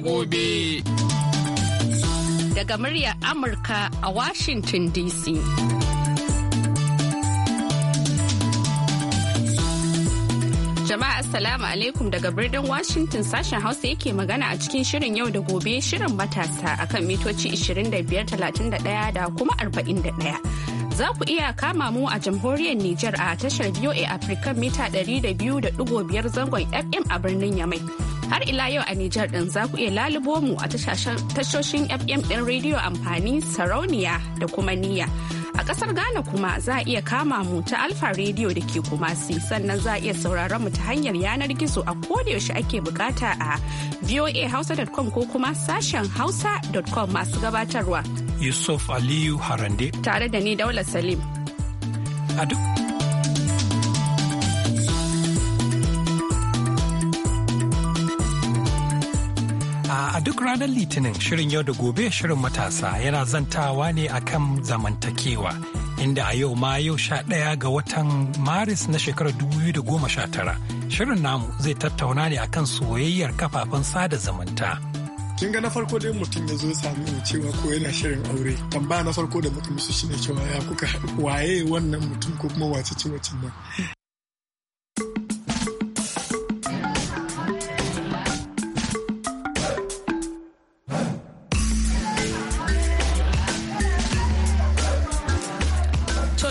gobe. Daga muryar Amurka a Washington DC. Jama'a Assalamu alaikum daga birnin Washington sashen Hausa yake magana a cikin shirin yau da gobe shirin matasa akan mitoci 25,31 da kuma 41. za ku iya kama mu a jamhuriyar Nijar a tashar VOA Africa mita 200.5 zangon FM a birnin Yamai. Har ila yau a Nijar ɗin za ku iya lalubo mu a tashoshin FM ɗin rediyo amfani sarauniya da kuma niyya. A ƙasar Ghana kuma za a iya kama mu ta Alfa rediyo da ke Kumasi sannan za a iya sauraron mu ta hanyar yanar gizo a yaushe ake bukata a voahausa.com ko kuma sashen hausa.com masu gabatarwa. Yusuf Aliyu Harande. Tare da ni Daula Salim. A a duk ranar Litinin shirin yau da gobe shirin matasa yana zantawa ne akan zamantakewa inda a yau ma yau sha ɗaya ga watan Maris na shekarar 2019 shirin namu zai tattauna ne akan soyayyar kafafen sada zamanta. kin ga na farko dai mutum ya zo sami mu cewa ko yana shirin aure tambaya na farko da muka musu shine cewa ya kuka waye wannan mutum ko kuma wace ce wacce nan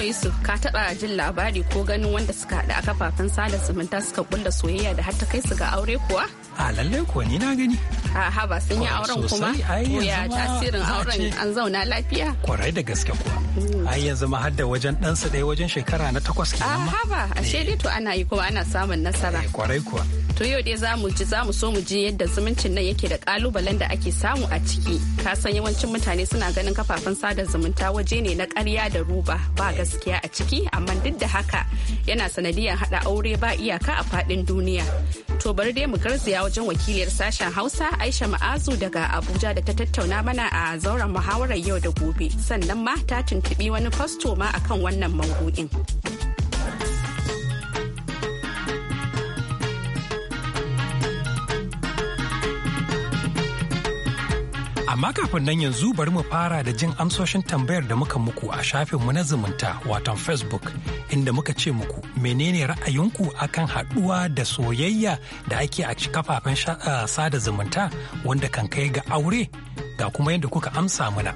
Yusuf ka taɓa jin labari ko ganin wanda suka haɗu a kafafen sada zumunta suka kulla soyayya da har ta kai su ga aure kuwa? A lallai kuwa ni na gani. A haba sun yi auren kuma? To ya tasirin auren an zauna lafiya? Kwarai da gaske kuwa. Hmm. Ai yanzu ma har da wajen ɗansa ɗaya wajen shekara na takwas kenan ma. A haba ashe dai to ana yi kuma ana samun nasara. Eh, kwarai kuwa. To yau dai za mu ji za so mu ji yadda zumuncin nan yake da kalubalen da ake samu a ciki. Ka san yawancin mutane suna ganin kafafen sada zumunta waje ne na ƙarya da ruba ba gaskiya a ciki amma duk da haka yana sanadiyar haɗa aure ba iyaka a faɗin duniya. To bari dai mu garzaya wajen wakiliyar sashen Hausa Aisha Ma'azu daga Abuja da ta tattauna mana a zauren muhawarar yau da gobe sannan ma ta tuntuɓi wani fasto ma akan wannan maudu'in. Amma kafin nan yanzu bari mu fara da jin amsoshin tambayar da muka muku a shafin mu na zumunta watan Facebook inda muka ce muku menene ra'ayinku akan haɗuwa da soyayya da ake a kafafen sada zumunta wanda kan kai ga aure ga kuma yadda kuka amsa mana.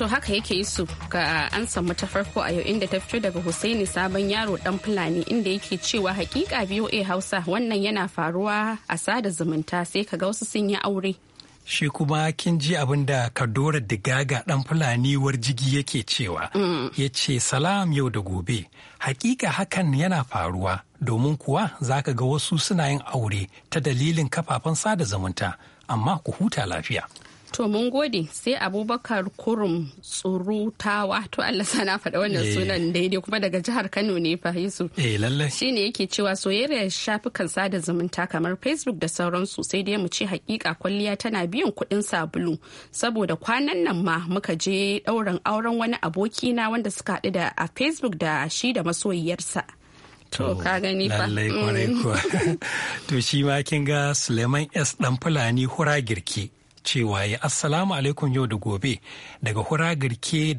To haka yake su ga an samu ta farko a yau inda ta fito daga Hussaini sabon yaro dan Fulani inda yake cewa hakika BOA Hausa wannan yana faruwa a sada zumunta sai ka ga wasu sun yi aure. Shi kuma kin ji abin da Kadora Digaga dan Fulani warjigi yake cewa. Mm. Ya ce salam yau da gobe. Hakika hakan yana faruwa domin kuwa zaka ga wasu suna yin aure ta dalilin kafafen sada zumunta amma ku huta lafiya. To mun gode sai Abubakar Kurum Tsurutawa to Allah sana faɗa wannan eh. sunan daidai kuma daga jihar Kano ne fa Yusuf. Eh lalle. Shi ne yake cewa soyayyar shafukan sada zumunta kamar Facebook da sauransu sai dai mu ce hakika kwalliya tana biyan kuɗin sabulu saboda kwanan nan ma muka je ɗauran auren wani aboki na wanda suka haɗu da a Facebook da shi da masoyiyarsa. To, ka gani fa. Lallai mm. kwarai kuwa. to shi ma kin ga Suleiman S. Ɗan Fulani Hura Girki. cewa ya assalamu alaikum yau da gobe daga hura girke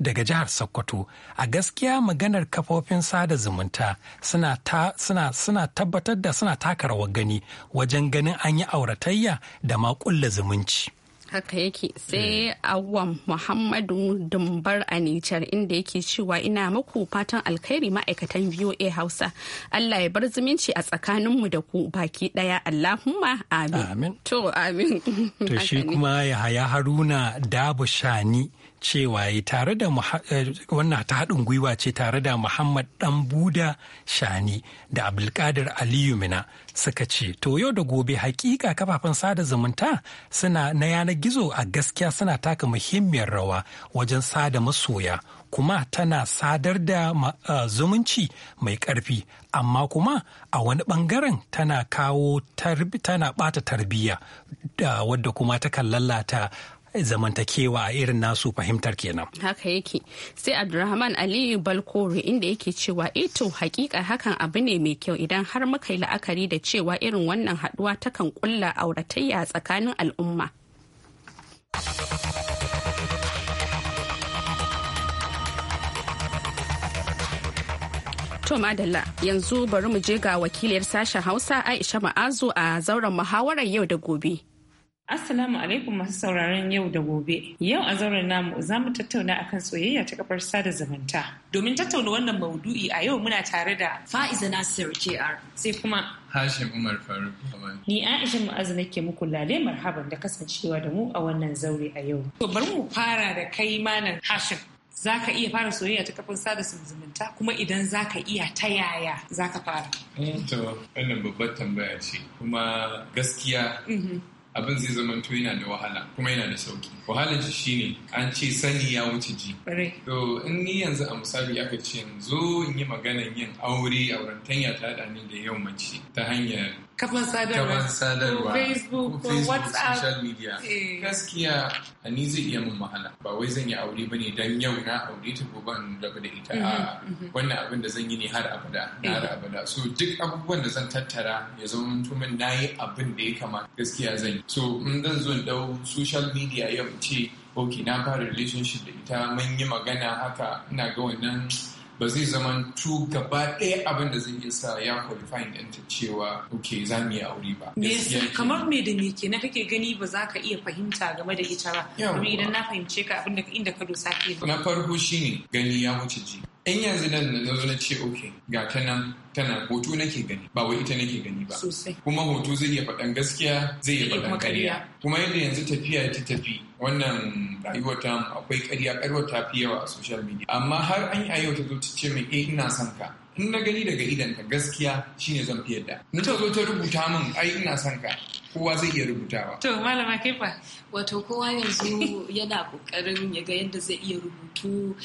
daga jihar Sokoto. A gaskiya maganar kafofin sada zumunta suna tabbatar da suna taka rawar gani wajen ganin an yi auratayya da maƙulla zumunci. haka yake sai eh. awam muhammadu dumbar a nijar inda yake cewa ina maku fatan alkhairi ma'aikatan voa hausa allah ya bar zumunci a tsakaninmu da ku baki daya allahumma amin to amin to shi kuma ya haya haruna dabu shani cewa tare da eh, wannan ta haɗin gwiwa ce tare da muhammad dan buda shani da abdulkadir aliyu mina suka ce to yau da gobe hakika kafafen sada zumunta suna na yanar gizo a gaskiya suna taka muhimmiyar rawa wajen sada masoya kuma tana sadar da eh, zumunci mai ƙarfi amma kuma a wani ɓangaren tana kawo tana ɓata tarbiyya da wadda kuma takan lalata zamantakewa a irin nasu fahimtar kenan. Haka yake sai Abdulrahman Aliyu Balkore inda yake cewa ito eh hakika hakan abu ne mai kyau idan har muka yi la'akari da cewa irin wannan haduwa takan kulla auratayya tsakanin al'umma. To Madalla yanzu bari mu je ga wakiliyar sashen Hausa Aisha Ma'azu a zauren muhawarar yau da gobe. Assalamu alaikum masu sauraron yau da gobe. Yau a zauren namu za mu tattauna akan soyayya ta kafar sada zumunta. Domin tattauna wannan maudu'i a yau muna tare da Fa'iza Nasir KR sai kuma Hashim Umar Faruk Ni Aisha Mu'azu ke muku lale marhaban da kasancewa da mu a wannan zaure a yau. To bari mu fara da kai malam Hashim. za ka iya fara soyayya ta kafin sada zumunta kuma idan za ka iya ta yaya za ka fara? Eh, to wannan babbar tambaya ce kuma gaskiya mhm. abin zai zama to yana da wahala kuma yana da sauki wahalar shi shine an ce sani ya wuce ji to in ni yanzu a misali aka ce yanzu in yi maganan yin aure aurantanya ta da ni da yau mace ta hanyar kafan sadarwa sadarwa facebook ko whatsapp social media eh. gaskiya a ni zai iya mun mahala. ba wai zan yi aure bane dan yau na aure ta ko ban raba da ita mhm, a ah, mhm. wannan abin da zan yi ne har abada na har eh. abada so duk abubuwan da zan tattara ya zama mutumin yi abin da ya kamata gaskiya zan yi so in zan zo in dau social media yau ce ok na fara relationship da ita mun yi magana haka ina ga wannan ba zai zama tu gaba ɗaya abin da zai iya sa ya qualifying yanta cewa ok za mu yi aure ba. Me kamar me da me na kake gani ba za ka iya fahimta game da ita ba idan na fahimce ka abin da inda ka dosa ke. na farko shine gani ya wuce ji in yanzu nan na zo na ce ok ga ta nan tana hoto nake gani ba wai ita nake gani ba kuma hoto zai iya faɗan gaskiya zai iya faɗan ƙarya kuma yadda yanzu tafiya ta tafi wannan rayuwar ta akwai ƙarya ƙarwar ta fi yawa a social media amma har an yi ayyau ta zo ta ce min eh ina son ka in na gani daga idan ka gaskiya shine zan fi yadda in ta zo ta rubuta min ai ina son ka kowa zai iya rubutawa to malama kai fa wato kowa yanzu yana kokarin ya ga yadda zai iya rubutu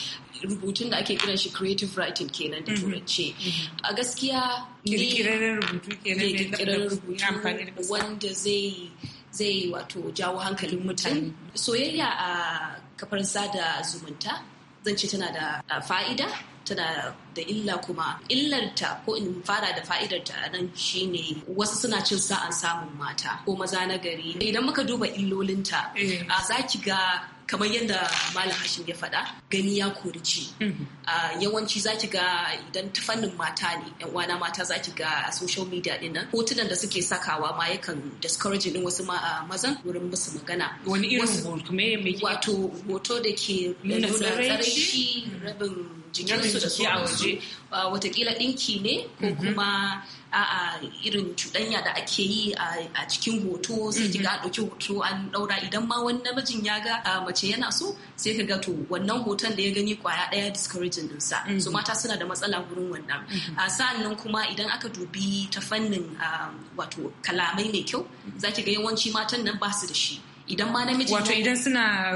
rubutun da ake kiran shi creative writing kenan da mhm. turance mhm. a gaskiya ne rubutu wanda zai zai wato jawo hankalin mutane soyayya a kafar sada zumunta zan ce tana da fa'ida tana da illa kuma illarta ko in fara da fa'idarta a nan shine wasu suna cin sa'an samun mata ko maza na gari idan muka duba illolinta eh. a za ga kamar yadda malam hashim ya faɗa gani ya kori ci. Mm-hmm. yawanci zaki ga idan ta fannin mata ne yan uwana mata zaki ga a social media din nan hotunan da suke sakawa ma yakan discourage din wasu mazan wurin musu magana wani irin hoto wato hoto da ke nuna rabin jikinsu da su a waje watakila ɗinki ne ko kuma a irin cuɗanya da ake yi a cikin hoto sai kika a ɗauki hoto an ɗaura idan ma wani namijin ya ga mace yana so sai ka ga to wannan hoton da ya gani kwaya ɗaya discouraging dinsa so mata suna da matsala wurin wannan sa'annan kuma idan aka dubi ta fannin wato kalamai mai kyau za ki ga yawanci matan nan ba su da shi idan ma namiji wato idan suna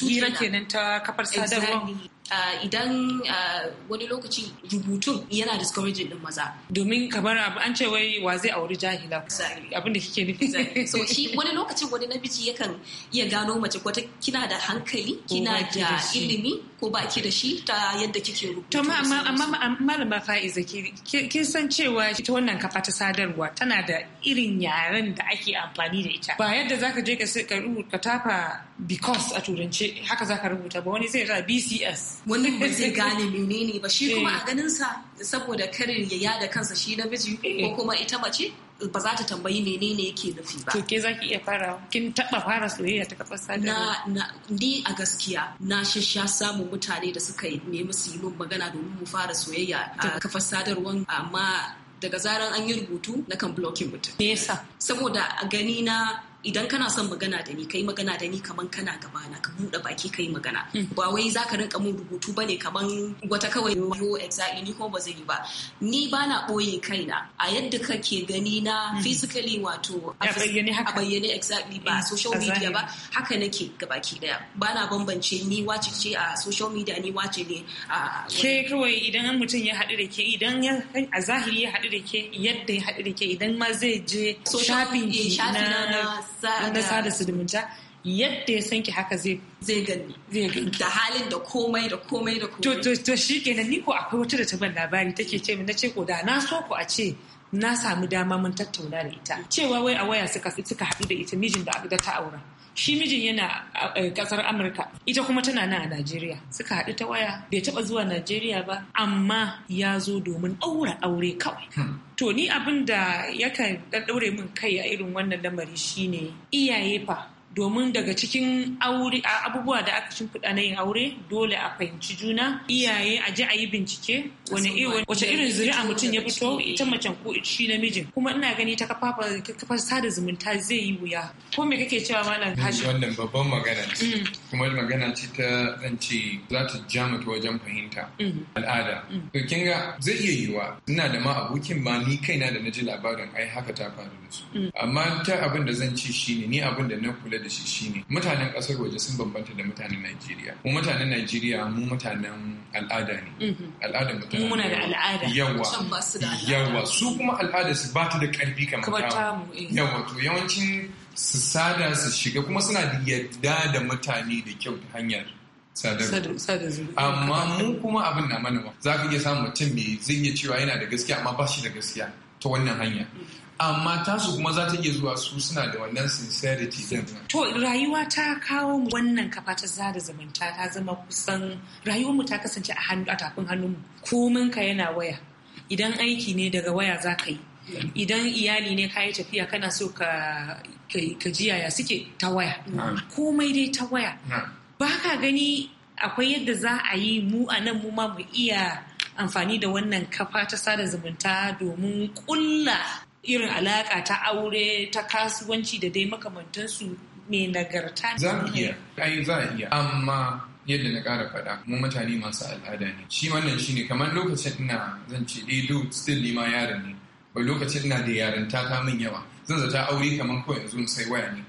hira kenan ta kafar sadarwa Ah, idan ah, wani lokaci rubutun yana discouraging din maza. Domin kamar an ce wai wa zai auri jahila abin da kike nufi. So shi wani lokacin wani namiji yakan iya gano mace ko kina da hankali kina da ilimi ko ba ki da shi ta yadda kike rubutu. To amma malama fa'iza kin san cewa ita wannan kafa ta sadarwa tana da irin yaren da ake amfani da ita. Ba yadda zaka je ka tafa because a turance haka za ka rubuta ba wani zai ra bcs wani ba zai gane menene ba shi kuma a eh. ganin sa saboda karin ya yada kansa shi na biji ko eh. kuma ita mace ba za ta tambayi menene yake nufi ba. To ke za iya fara kin taba fara soyayya ta kafar sadarwa? Na, ni a gaskiya na shasha samun mutane da suka nemi su yi min magana domin mu fara soyayya a kafar sadarwar amma daga zaran an yi rubutu na kan blocking mutum. Me yasa? Saboda a gani na idan kana son magana da ni kai magana da ni kaman kana gaba na ka buɗe baki kai magana hmm. ba wai zaka rinka mun rubutu bane kaman wata kawai yo exactly ni ko ba zai yi ba ni ba na ɓoye kaina a yadda kake gani na hmm. physically wato a bayyane exactly ba hmm. a social media ba haka nake gabaki daya ba na bambance ni wace ce a social media ni wace ne a ke kawai idan mutum ya haɗu da ke idan a zahiri ya haɗu da ke yadda ya haɗu da ke idan ma zai je shafin eh, na na sada zumunta yadda ya sanki haka zai zai gani zai gani da halin da komai da komai da komai to to to shikenan ni ko akwai wata da ta ban labari take ce min ce ko da na so ku a ce na samu dama mun tattauna da ita cewa wai a waya suka suka haɗu da ita mijin da ta aura shi mijin yana ƙasar amurka ita kuma tana nan a najeriya suka haɗu ta waya bai taɓa zuwa najeriya ba amma ya zo domin aura aure kawai hmm. to ni abin da yakan ɗaɗɗaure min kai a irin wannan lamari shine iyaye fa domin daga cikin aure abubuwa da aka shimfiɗa na yin aure dole a fahimci juna iyaye a ji a yi bincike wace irin zuri'a mutum ya fito ita macen ko shi namijin kuma ina gani ta kafafar sada zumunta zai yi wuya ko me kake cewa malam hashi wannan babban magana ce mm. kuma magana ce ta ce za ta ja wajen fahimta mm. al'ada mm. kin ga zai iya yiwuwa ina da ma abokin ma ni kaina da na ji labarin ai haka ta faru da su amma ta abin da zan ci shine ni abin da na kula da da shi shine mutanen kasar waje sun bambanta da mutanen Najeriya mu mutanen Najeriya mu mutanen al'ada ne mm-hmm. al'ada mutanen muna da al'ada yawa yawa su kuma al'ada su ba ta da karfi kamar ta eh. yawa to yawancin su sada su shiga kuma suna da yadda da mutane da kyau ta hanyar sadarwa. Amma mu kuma abin na manawa. Za ka iya samun mutum mai zai iya cewa yana da gaskiya amma ba shi da gaskiya ta wannan hanya. Mm-hmm. amma tasu kuma za ta iya zuwa su suna da wannan sincerity din to rayuwa ta kawo mu wannan kafa ta zada zumunta ta zama kusan rayuwarmu ta kasance a hannu a tafin hannunmu komin ka yana waya idan aiki ne daga waya za ka yi idan iyali ne ka yi tafiya kana so ka ji yaya suke ta waya komai dai ta waya ba ka gani akwai yadda za a yi mu a nan mu ma mu iya amfani da wannan kafa ta sada zumunta domin kulla irin alaƙa ta aure ta kasuwanci da dai makamantansu mai nagarta. Za a iya, ai za a iya, amma yadda na ƙara faɗa mu mutane masu al'ada ne. Shi wannan shine kamar lokacin ina zan ce dai eh, do still nima ma yaron ne. Ba lokacin ina da yarinta ta min yawa. Zan zata aure kamar kawai yanzu in sai waya ne.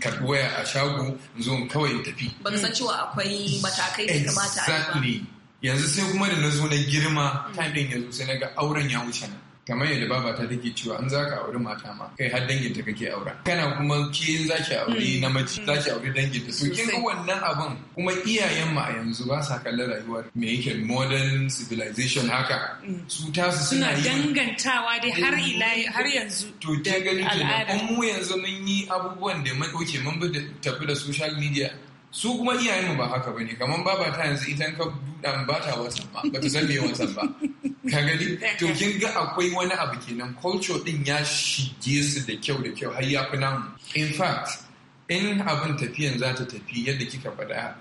Karɓi waya a shago in zo kawai tafi tafi. Ban san cewa akwai matakai da kamata a yi ba. Yanzu sai kuma da na zo na girma time ɗin yanzu sai na ga auren ya wuce na. kamar yadda baba ta take cewa an zaka aure mata ma kai har dangin ta kake aura kana kuma ke zaki aure mm. namiji zaki aure dangin ta so kin ga wannan abin kuma iyayen mu a yanzu ba sa kallon rayuwar me yake modern civilization haka mm. su tasu suna dangantawa dai har mm. ila har yanzu to kin gani kenan mu yanzu mun yi abubuwan da mai dauke mun bi tafi da social media su kuma iyayenmu ba haka bane kamar baba ta yanzu idan ka dudan ba ta wasan ba ba ta san me wasan ba ka gani to kin ga akwai wani abu kenan culture din ya shige su da kyau da kyau har ya fi namu in fact in abin tafiyan za ta tafi yadda kika faɗa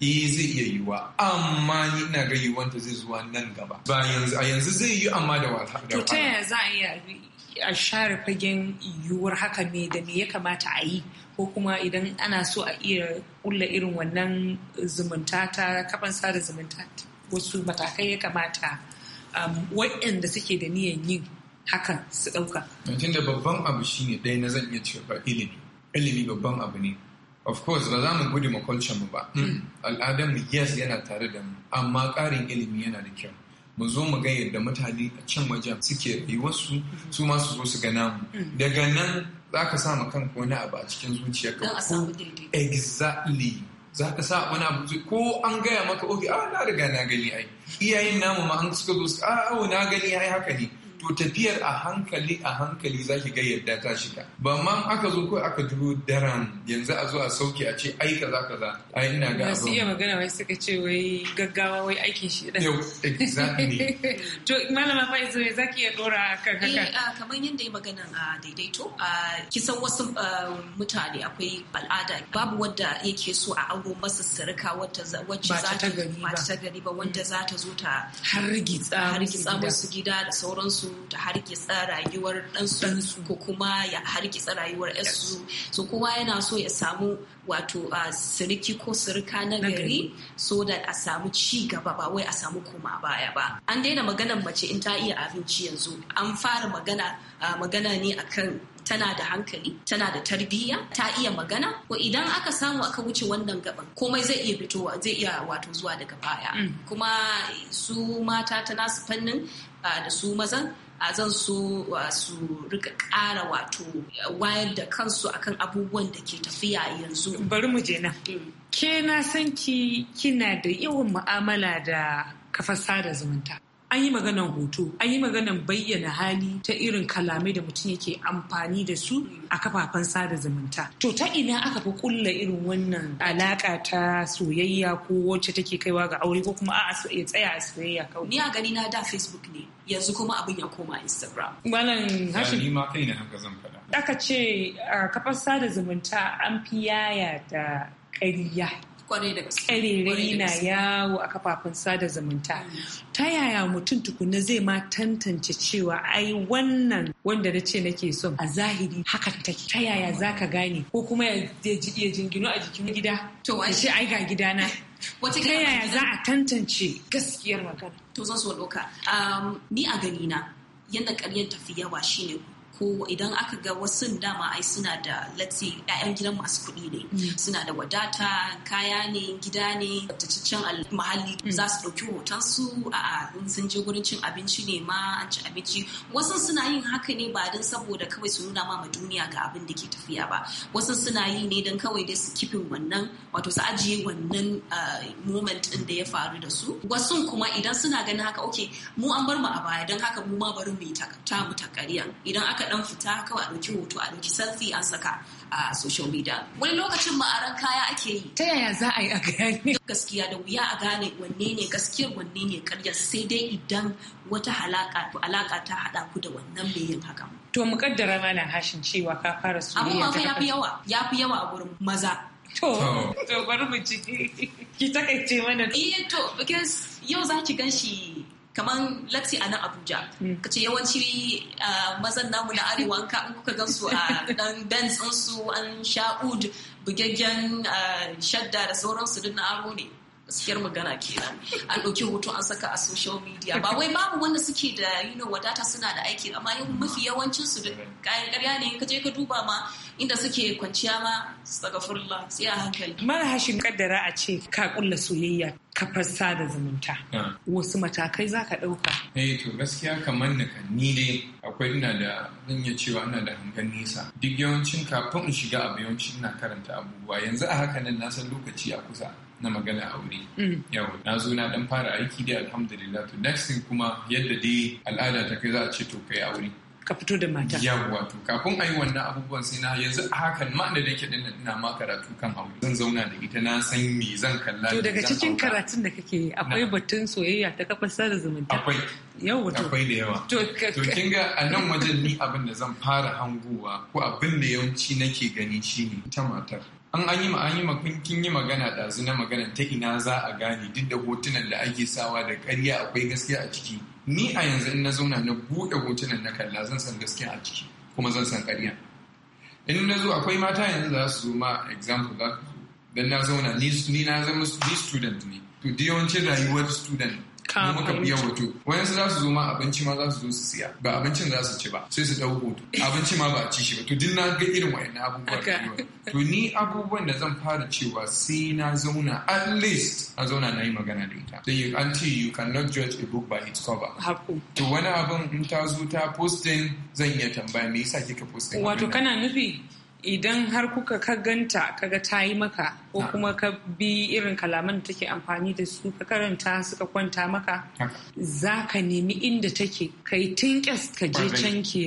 eh zai iya yiwuwa amma ni ina ga yiwuwanta zai zuwa nan gaba ba yanzu a yanzu zai yi amma da wata to ta yaya za a iya a share fagen yiwuwar haka me da me ya kamata a yi ko kuma idan ana so a iya kulla irin wannan zumunta ta kafan sada zumunta wasu matakai ya kamata Um, waɗanda suke da niyan yin hakan su ɗauka. da babban abu ne ɗaya na zan iya cewa ilimi. Ilimi babban abu ne. Of course ba za mu gudu ma culture mu ba. Hmm. Al'adar mu yes yana tare da mu amma ƙarin ilimi yana da kyau. mu zo mu ga yadda mutane a can wajen suke wasu hmm. su ma su zo su ga namu hmm. daga nan za ka sa kanka wani abu a cikin zuciyarka exactly za ka sa wani abu ko an gaya maka oke a ah, na riga na gani ai iyayen namu ma an suka zo a ah, na gani ai haka ne to tafiyar a hankali a hankali za ki ga yadda ta shiga ba ma aka zo ko aka duro daren yanzu a zo a sauke a ce ai kaza kaza A ina ga abu iya magana wai suka ce wai gaggawa wai aikin shi da yau exactly to malama Faizu me zaki iya dora kan haka eh kamar yanda ya magana a daidaito a kisan wasu mutane akwai al'ada babu wanda yake so a aure masa sirika wacce za ta gari ba wanda za ta zo ta rigitsa musu gida da sauransu ta hargitsa rayuwar ɗansu ko kuma ya hargitsa rayuwar ƴansu so kowa yana so ya samu wato siriki ko sirika na gari so da a samu ci gaba ba wai a samu koma baya ba an daina maganar mace in ta iya abinci yanzu an fara magana magana ne akan tana da hankali tana da tarbiyya ta iya magana ko idan aka samu aka wuce wannan gaban komai zai iya fitowa zai iya wato zuwa daga baya mm. kuma su mata ta nasu fannin da su mazan zan so su rika ƙara wato wayar da kansu akan abubuwan da ke tafiya yanzu. Bari mu je nan. Mm. Ke na san ki kina da yawan mu'amala da kafar sada zumunta. an yi maganan hoto an yi maganan bayyana hali ta irin kalamai da mutum yake amfani da su a kafafen sada zumunta to ta ina aka fi kulla irin wannan alaka ta soyayya ko wacce take kaiwa ga aure ko kuma a'a ya tsaya a soyayya kawai ni a gani na da facebook ne yanzu kuma abin ya koma instagram wannan hashi ni ma ne haka zan faɗa aka ce a kafar sada zumunta an fi yaya da ƙarya kwarai da gaske na yawo a kafafen sada zumunta ta yaya mutum tukuna zai ma tantance cewa ai wannan wanda na ce nake son a zahiri haka take ta yaya zaka gane ko kuma ya iya jingino a jikin gida to ashe ai ga gidana wata ta yaya za a tantance gaskiyar magana to zan so doka ni a ganina yadda karyar tafi yawa shine ko idan aka ga wasu dama ai suna da let's say ƴaƴan gidan masu kuɗi ne mm. suna da wadata kaya ne gida ne cikin muhalli mm. za su ɗauki hoton su a sun je gurin cin abinci ne ma an ci abinci wasu suna yin haka ne ba don saboda kawai su nuna ma duniya ga abin da ke tafiya ba wasu suna yi ne don kawai dai su kifin wannan wato su ajiye wannan moment ɗin da ya faru da su wasu kuma idan suna ganin haka oke mu an bar mu a baya don haka mu ma bari mu yi ta mu ta idan aka kaɗan fita kawai a ɗauki hoto a ɗauki selfie an saka a social media wani lokacin ma'aran kaya ake yi ta yaya za a yi a gane gaskiya da wuya a gane wanne ne gaskiyar wanne ne karya sai dai idan wata halaka to alaka ta haɗa ku da wannan mai yin hakan to mu kaddara mana hashin cewa ka fara soyayya amma ya fi yawa ya fi yawa a gurin maza To, to bari mu ciki. Ki takaice mana. Iya eh, to, because yau za ki gan shi kamar let's say a nan Abuja hmm. ka ce yawanci mazan namu na arewa ka in kuka gan a dan dance din su an sha ud bugaggen shadda da sauransu duk na aro ne gaskiyar magana kenan an ɗauki hoto an saka a social media ba wai babu wanda suke da you know, wadata suna da aiki amma mafi yawancin su da kayan ƙarya ne ka je ka duba ma inda suke kwanciya ma tsagafurla sai a hankali mara hashin kaddara a ce ka kulla soyayya kafar da zumunta wasu matakai za ka ɗauka eh to gaskiya kamar na kan ni dai akwai ina da zan iya cewa ina da hangen nesa duk yawancin kafin in shiga abu yawancin ina karanta abubuwa yanzu a haka nan na san lokaci a kusa na magana aure. Mm. Yau na zo na dan fara aiki dai alhamdulillah to next thing kuma yadda dai al'ada ta kai za a ce to kai aure. Ka fito da mata. Yawwa to kafin a yi wannan abubuwan sai na yanzu a hakan ma da nake din ina ma karatu kan aure. Zan zauna da ita na san me zan kalla. To daga cikin karatun da kake yi akwai batun soyayya ta kafar sada zumunta. Akwai. Yawwa to. Akwai da yawa. To kin ga a nan wajen ni abin da zan fara hangowa ko abin da yawanci nake gani shine ita matar. an an yi an yi yi magana ɗazu na magana ta ina za a gane duk da hotunan da ake sawa da ƙarya akwai gaskiya a ciki ni a yanzu in na zauna na buɗe hotunan na kalla zan san gaskiya a ciki kuma zan san ƙarya in na zo akwai mata yanzu za su zo ma example za ku zo dan na zauna ni na zama ni student ne to yawancin rayuwar student mu muka biyan hoto wayansu za su zo ma abinci ma za su zo su siya ba abincin za su ci ba sai su dau hoto abinci ma ba a ci shi ba to duk na ga irin wayannan abubuwan to ni abubuwan da zan fara cewa sai na zauna at least na zauna na yi magana da ita so you until you cannot judge a book by its cover to wani abin in ta zo ta posting zan iya tambaya me yasa kika posting wato kana nufi idan har kuka ka ganta kaga ta yi maka ko kuma ka bi irin kalaman da take amfani da su ka karanta suka kwanta maka za ka nemi inda take kai tinkes ka je can ke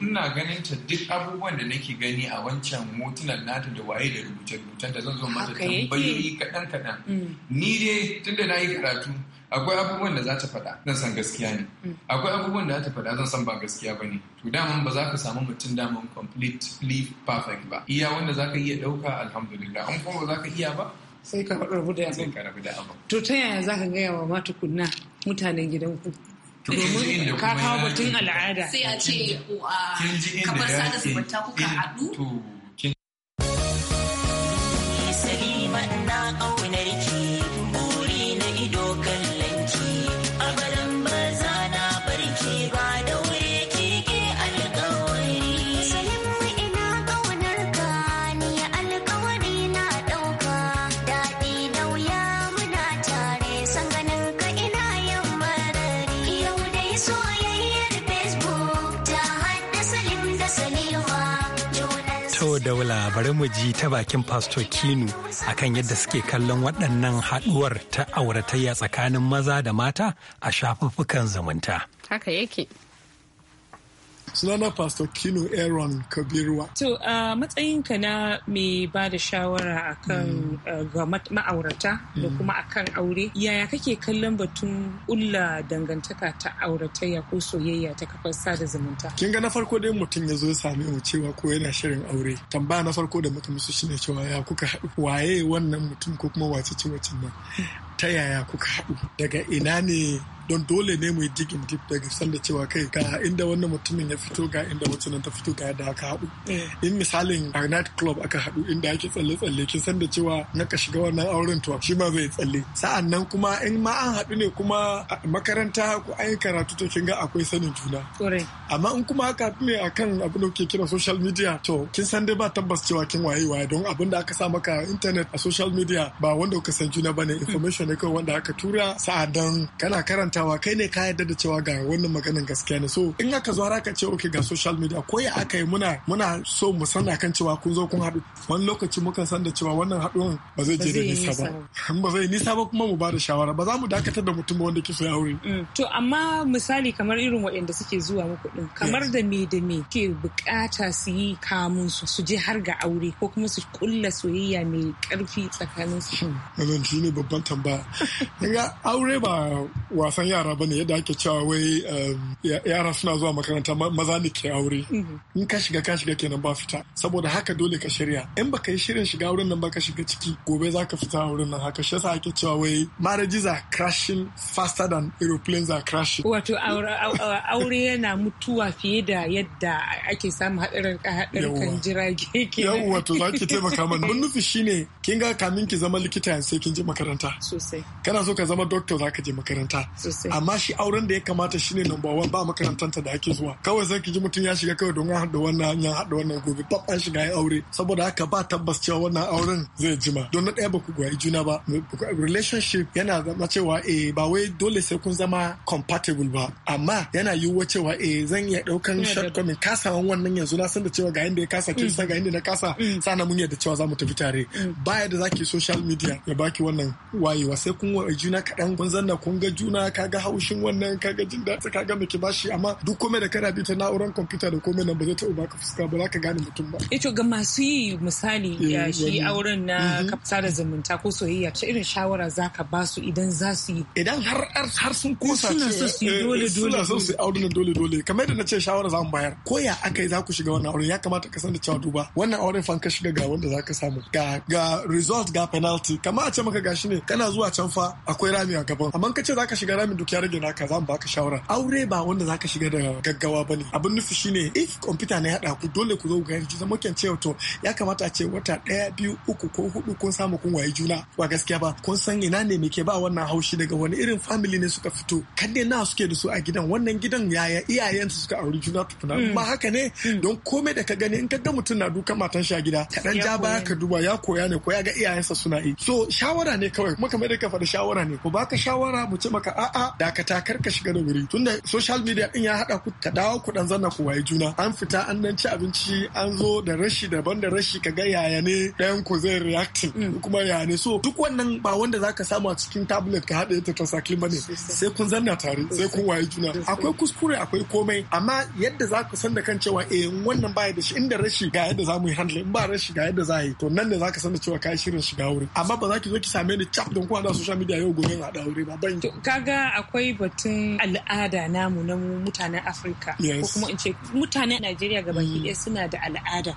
ina ganin ta duk abubuwan da nake gani a wancan motunan nata da waye da rubuce rubuce da zan zo mata tambayoyi kaɗan-kaɗan mm. ni dai tunda na yi karatu akwai abubuwan da za ta faɗa zan san gaskiya ne mm. akwai abubuwan da za ta faɗa zan san ba gaskiya ba ne to daman ba za ka samu mutum daman completely perfect ba iya wanda za ka iya ɗauka alhamdulillah an kuma ba za ka iya ba sai ka ka rabu da abu to ta yaya za ka gaya wa kunna mutanen gidanku domin ka kawo batun al'ada sai a ce kafar sada zumunta kuka eh, haɗu Salima na bari mu ji ta bakin pastor kinu akan yadda suke kallon waɗannan haɗuwar ta auratayya tsakanin maza da mata a shafuffukan zumunta haka yake sunana pastor kino aaron Kabiruwa. to a matsayinka na mai ba da shawara akan mm. ga ma'aurata da mm. kuma akan aure yaya kake kallon batun ulla dangantaka ta auratayya ko soyayya ta kafar sada zumunta kin ga na farko dai mutum ya zo same mu cewa ko yana shirin aure tambaya na farko da muka musu shine cewa ya kuka haɗu waye wannan mutum ko kuma wace ce wacce nan ta yaya kuka haɗu daga ina ne don dole ne mu yi in deep daga sanda cewa kai ga inda wannan mutumin ya fito ga inda wacce ta fito ga da aka haɗu eh. in misalin a night club aka haɗu inda ake tsalle-tsalle kin san da cewa na ka shiga wannan auren to shi ma zai tsalle sa'an nan kuma in ma an haɗu ne kuma makaranta ko an yi karatu to kin ga akwai sanin juna amma in kuma aka haɗu ne akan abin da kuke kira social media to kin san dai ba tabbas cewa kin waye waye don abin da aka sa maka internet a social media ba wanda kuka san juna bane mm. information ne kawai wanda aka tura Sa'a dan kana karanta aikatawa kai ne ka yarda da cewa ga wannan maganin gaskiya ne so in aka zo har ce okay ga social media ko ya aka yi muna muna so mu sana kan cewa kun zo kun haɗu wani lokaci muka san da cewa wannan haɗuwan ba zai je da nisa ba ba zai nisa ba kuma mu ba da shawara ba za mu dakatar da mutum wanda ke ya aure mm. to amma misali kamar irin waɗanda suke zuwa muku din kamar da me da me ke bukata su yi kamun su su je har ga aure ko kuma su kulla soyayya mai karfi tsakanin su wannan shine babban tambaya kaga aure ba wasan kamar yara ba ne yadda ake cewa wai um, yara suna zuwa makaranta maza ne ke aure mm-hmm. in ka shiga ka shiga kenan ba fita saboda haka dole ka shirya in baka yi shirin shiga wurin nan ba ka shiga ciki gobe za ka fita wurin nan haka shi ake cewa wai marriages are crashing faster than aeroplanes are crashing wato aure yana mutuwa fiye da yadda ake samun hadarin kan jirage ke yau wato za ki taimaka mana mun nufi shine kin ga kamin ki zama likita sai kin je makaranta sosai kana so ka zama doctor za ka je makaranta sosai amma shi auren da ya kamata shine number one ba makarantanta da ake zuwa kawai zai ki ji mutum ya shiga kawai don haɗa wannan hanyar haɗa wannan gobe pap shiga ya aure saboda haka ba tabbas cewa wannan auren zai jima don na ɗaya ba ku gwari juna ba relationship yana zama cewa eh ba wai dole sai kun zama compatible ba amma yana yiwuwa cewa eh zan iya ɗaukan shortcoming kasawan wannan yanzu na san da cewa ga inda ya kasa kin sa ga inda na kasa mm. Mm. sana mun yadda cewa za mu tafi tare mm. baya da zaki social media ya baki wannan wayewa sai kun wa juna kaɗan kun zanna kun ga juna ka kaga haushin wannan kaga jin daɗi kaga mai ki bashi amma duk komai da kana bi ta na'urar kwamfuta da komai nan ba zai taɓa baka fuska ba za ka gane mutum ba. Ito eh ga masu yi misali eh, ya shi auren na mhm. da zumunta ko soyayya ta irin shawara za ka ba su idan za su yi. Idan har har sun kosa suna so su yi dole eh, dole. Suna so su yi auren dole dole kamar yadda na ce shawara za mu bayar ko ya aka yi za ku shiga wannan auren ya kamata ka san da cewa duba wannan auren fa ka shiga ga wanda za ka samu ga ga result ga penalty kamar a ce maka gashi ne kana zuwa can fa akwai rami a gaban amma ka ce za ka shiga rami duk ya rage naka zan baka shawara aure ba wanda zaka shiga da gaggawa bane abin nufi shine if computer na ya ku dole ku zo ga yanzu zama kyan cewa to ya kamata a ce wata daya biyu uku ko hudu kun samu kun waye juna Wa gaskiya ba kun san ina ne muke ke ba wannan haushi daga wani irin family ne suka fito kan ne na suke da su a gidan wannan gidan yaya iyayensu suka auri juna tukuna Ma mm. haka ne mm. don komai da ka gani in ka ga mutum na dukan matan shi a gida ka ja baya ka duba ya koya ne ko ya ga iyayensa suna yi so shawara ne kawai kuma kamar da ka shawara ne ko baka shawara mu ce maka a'a dakata kar ka shiga da wuri tunda social media din ya hada ku ka dawo ku dan zanna ku waye juna an fita an dan ci abinci an zo da rashi daban da rashi ka ga yaya ne Dan ku zai react mm. kuma yaya ne so duk wannan ba wanda zaka samu a cikin tablet ka hada ta tetracycline bane sai kun zanna tare sai kun waye juna akwai kuskure akwai komai amma yadda za san da kan cewa eh wannan baya da shi inda rashi ga yadda za mu yi handle in ba rashi ga yadda za yi to nan da zaka san da cewa ka shirin shiga wuri amma ba za ki zo ki same ni cap don kuma social media yau gobe na da aure ba ban kaga akwai batun al'ada namu na mutanen Afirka. Ko kuma in ce mutanen Najeriya gaba ɗaya mm. suna da al'ada.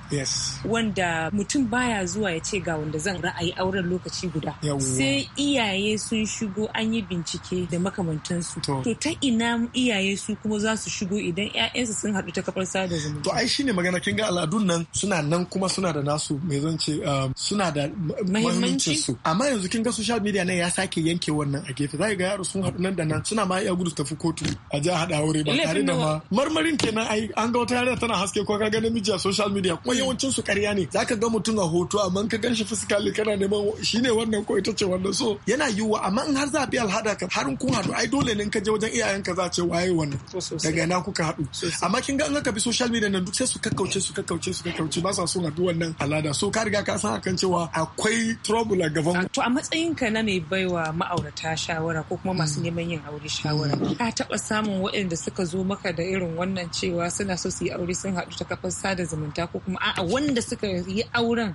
Wanda mutum baya zuwa ya ce ga wanda zan ra'ayi auren lokaci guda. Sai iyaye sun shigo an yi bincike da makamantansu. To ta ina iyaye su kuma za su shigo idan ƴaƴansu sun haɗu ta kafar sada zumunta. To ai shine magana kin ga al'adun nan suna nan kuma suna da nasu mai zan ce um, suna da mahimmancin su. Amma yanzu kin ga social media nan ya sake yanke wannan a gefe. Za ga yaro sun haɗu nan nan suna ma iya gudu tafi kotu a ji a aure ba tare da ma marmarin kenan ai an ga wata yarinya tana haske ko ka ga namiji a social media kuma hmm. yawancin su ƙarya ne zaka ga mutum a hoto amma ka ganshi fiskali kana neman shine wannan ko ita ce wannan so yana yiwuwa amma in har za a bi alhada ka harin kun haɗu ai dole ne ka je wajen ka za a ce waye wannan daga ina kuka haɗu amma kin ga an ka bi social media nan duk sai su kakkauce su kakkauce su kakkauce ba sa son haɗu wannan al'ada so ka riga ka san akan cewa akwai trouble a gaban ah, to a matsayin ka na mai baiwa ma'aurata shawara ko kuma masu hmm. neman yin aure shawara mm. ka taba samun waɗanda suka zo maka da irin wannan cewa suna so su yi aure sun haɗu ta kafar sada zumunta ko kuma a'a wanda suka yi auren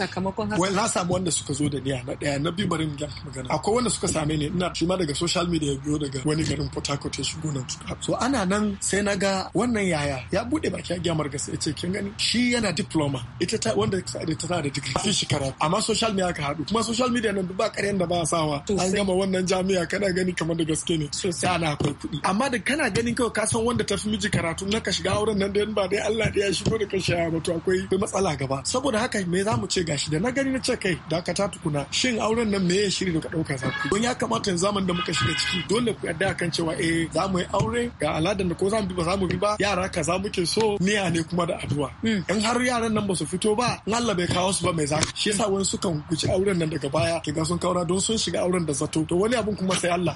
sakamakon haka na samu wanda suka zo da niya na ɗaya na biyu bari mu magana akwai wanda suka same ni ina shi ma daga social media ya biyo daga wani garin Port Harcourt ya shigo nan so ana nan sai na ga wannan yaya ya bude baki a gyamar gasa ya ce kin gani shi yana diploma ita ta wanda ta da digiri fi shi karatu amma social media ka haɗu kuma social media nan ba ƙaryan da ba sawa an gama wannan jami'a kana gani kamar daga gaske ne sosai ana akwai kuɗi amma da kana ganin kawai ka san wanda tafi miji karatu na ka shiga auren nan da ba dai Allah da ya shigo da ka sha ba to akwai matsala gaba saboda haka me za mu ce gashi da na gani na ce kai da ka ta tukuna shin auren nan me ya shiri da ka ɗauka za ku don ya kamata yanzu zaman da muka shiga ciki dole ku yarda kan cewa eh za mu yi aure ga aladan da ko za mu bi ba za mu bi ba yara kaza muke so niya ne kuma da addu'a hmm. in har yaran nan ba su fito ba in Allah bai kawo su ba mai ka shi yasa wani sukan guji auren nan daga baya kiga sun kaura don sun shiga auren da zato to wani abun kuma sai Allah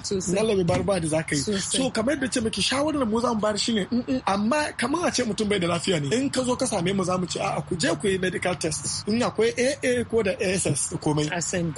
Allah bai bar ba da zaka yi so kamar yadda ce miki shawarar mu za mu bar shine amma kamar a ce mutum bai da lafiya ne in ka zo ka same mu za mu ce a ku je ku yi medical test in akwai AA ko da ASS ko komai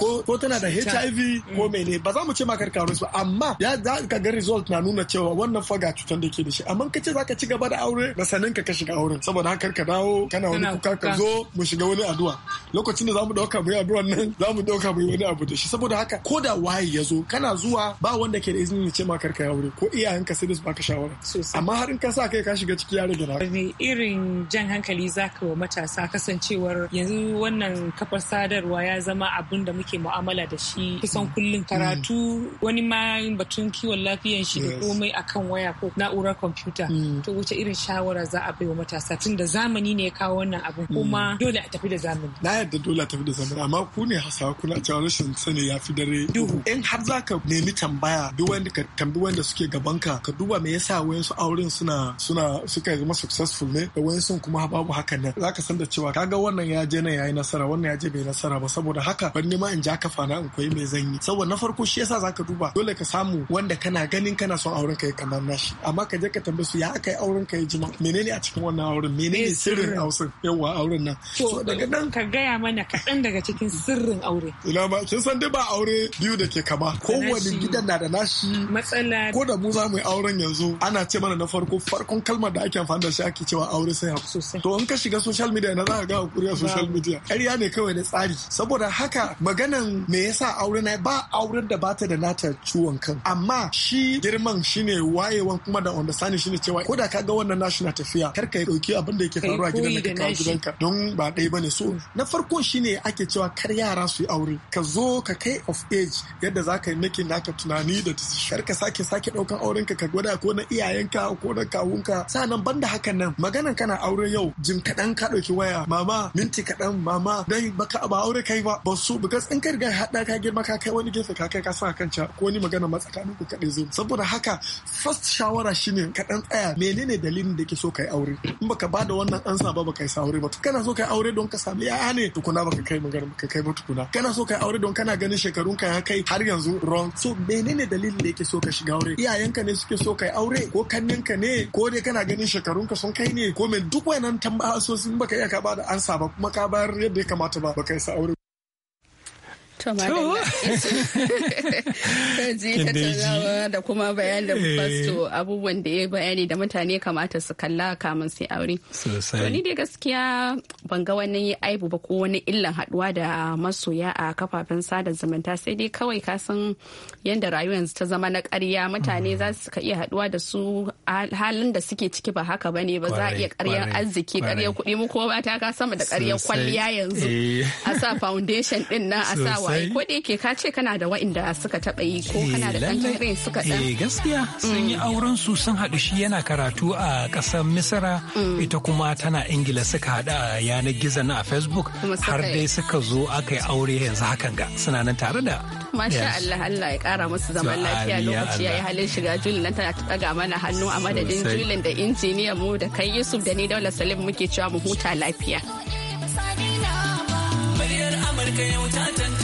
ko tana da HIV ko mai mm. ne. ba za mu ce ma kar karo ba amma ya za ka ga result na nuna cewa wannan faga cutar da ke da shi amma ka ce zaka ci gaba da aure da sanin ka ka shiga auren saboda haka ka dawo kana wani kuka ka zo mu shiga wani addu'a lokacin da zamu dauka mu yi addu'a nan zamu dauka mu yi wani abu da shi saboda haka ko da waye ya zo kana zuwa ba wanda ke da izini ce ma karka ya aure ko iyayenka sai da su baka shawara amma har in ka sa kai ka shiga ciki ya rage rawa me irin jan hankali zaka wa matasa kasancewar yanzu wannan kafar sadarwa ya zama abin da muke mu'amala da shi kusan mm. kullum karatu mm. wani ma batun kiwon lafiyan shi da komai akan waya ko na'urar kwamfuta mm. to wuce irin shawara za a baiwa matasa tun da zamani ne ya kawo wannan abin kuma dole a tafi da zamani na yadda dole a tafi da zamani amma ku ne hasawa kuna cewa rashin sani ya fi dare duhu in har za ka nemi tambaya duk wanda ka tambi wanda suke gaban ka ka duba me yasa wayansu auren suna suna suka zama successful ne da wayansu kuma babu hakan nan zaka san da cewa kaga wannan ya je nan yayi nasara wannan ya je bai nasara ba saboda haka ban nema in ja kafa na in koyi mai zan yi saboda na farko shi yasa zaka duba dole ka samu wanda kana ganin kana son auren ka ya kamar nashi amma ka je ka tambi su ya aka yi auren ka ya jima menene a cikin wannan auren menene eh, sirrin auren yawa auren nan so daga nan ka gaya mana kaɗan daga cikin sirrin aure ina ba kin san dai ba aure biyu da ke kama kowane gidan na da nashi ɗauki matsala ko da mu za mu yi auren yanzu ana ce mana na farko farkon kalmar da ake amfani da shi ake cewa aure sai hafi to in ka shiga social media na za ka ga hakuri a social media ƙarya ne kawai da tsari saboda haka maganan me yasa aure na ba auren da bata da nata ciwon kan amma shi girman shine wayewan kuma da Sani shine cewa ko da ka ga wannan nashi na tafiya kar ka dauki abin da yake faruwa gidan da ka gidanka don ba ɗaya bane so mm. na farko shine ake cewa kar yara su yi aure ka zo ka kai of age yadda za ka yi nakin naka tunani da kar ka sake sake daukan auren ka ka gwada ko na iyayen ka ko na kawunka sanan banda hakan nan maganan kana aure yau jim kadan ka dauki waya mama minti kadan mama dai baka ba aure kai ba ba su because in ka riga hada ka girma ka kai wani gefe ka kai ka sa kan ca ko wani magana ma tsakanin ku kadai zo saboda haka first shawara shine ka dan tsaya menene dalilin da ke so kai aure in baka bada wannan ansa ba baka yi aure ba kana so kai aure don ka samu yaya ne tukuna baka kai magana ka kai ba tukuna kana so kai aure don kana ganin shekarun ka ya kai har yanzu wrong so menene dalilin halin da yake so ka shiga aure iyayenka ne suke so kai aure ko kannen ka ne ko dai kana ganin shekarun ka sun kai ne ko me duk wayannan so sun baka iya ka ba da ansa ba kuma ka bayar yadda ya kamata ba baka isa aure To tattaunawa da kuma bayan da fasto eh. abubuwan da ya bayani da mutane kamata su kalla kamun sai aure. Sosai. Wani dai gaskiya ban ga wani aibu ba ko wani illan haduwa da masoya a kafafen sada zumunta sai dai kawai ka san yadda rayuwar ta zama na ƙarya mutane za su iya haduwa da su halin da suke ciki ba haka bane ba za a iya ƙaryar arziki ƙaryar kuɗi mu ba ta ka sama da ƙaryar kwalliya yanzu eh. a sa foundation din nan a sa ai ko da yake ka ce kana da wa'inda suka taba yi ko kana da ɗan eh, suka ɗan. Eh, gaskiya sun yi mm. auren su sun haɗu shi yana karatu a ƙasar Misira mm. ita kuma tana Ingila suka haɗu a yanar gizo na Facebook har dai suka zo aka yi aure yanzu hakan ga suna nan tare da. Masha Allah Allah ya ƙara musu zaman lafiya lokaci ya yi halin shiga Julin nan tana ɗaga mana hannu a madadin Julin da injiniyan mu da kai Yusuf da ni Daula Salim muke cewa mu huta lafiya. Muryar Amurka yau ta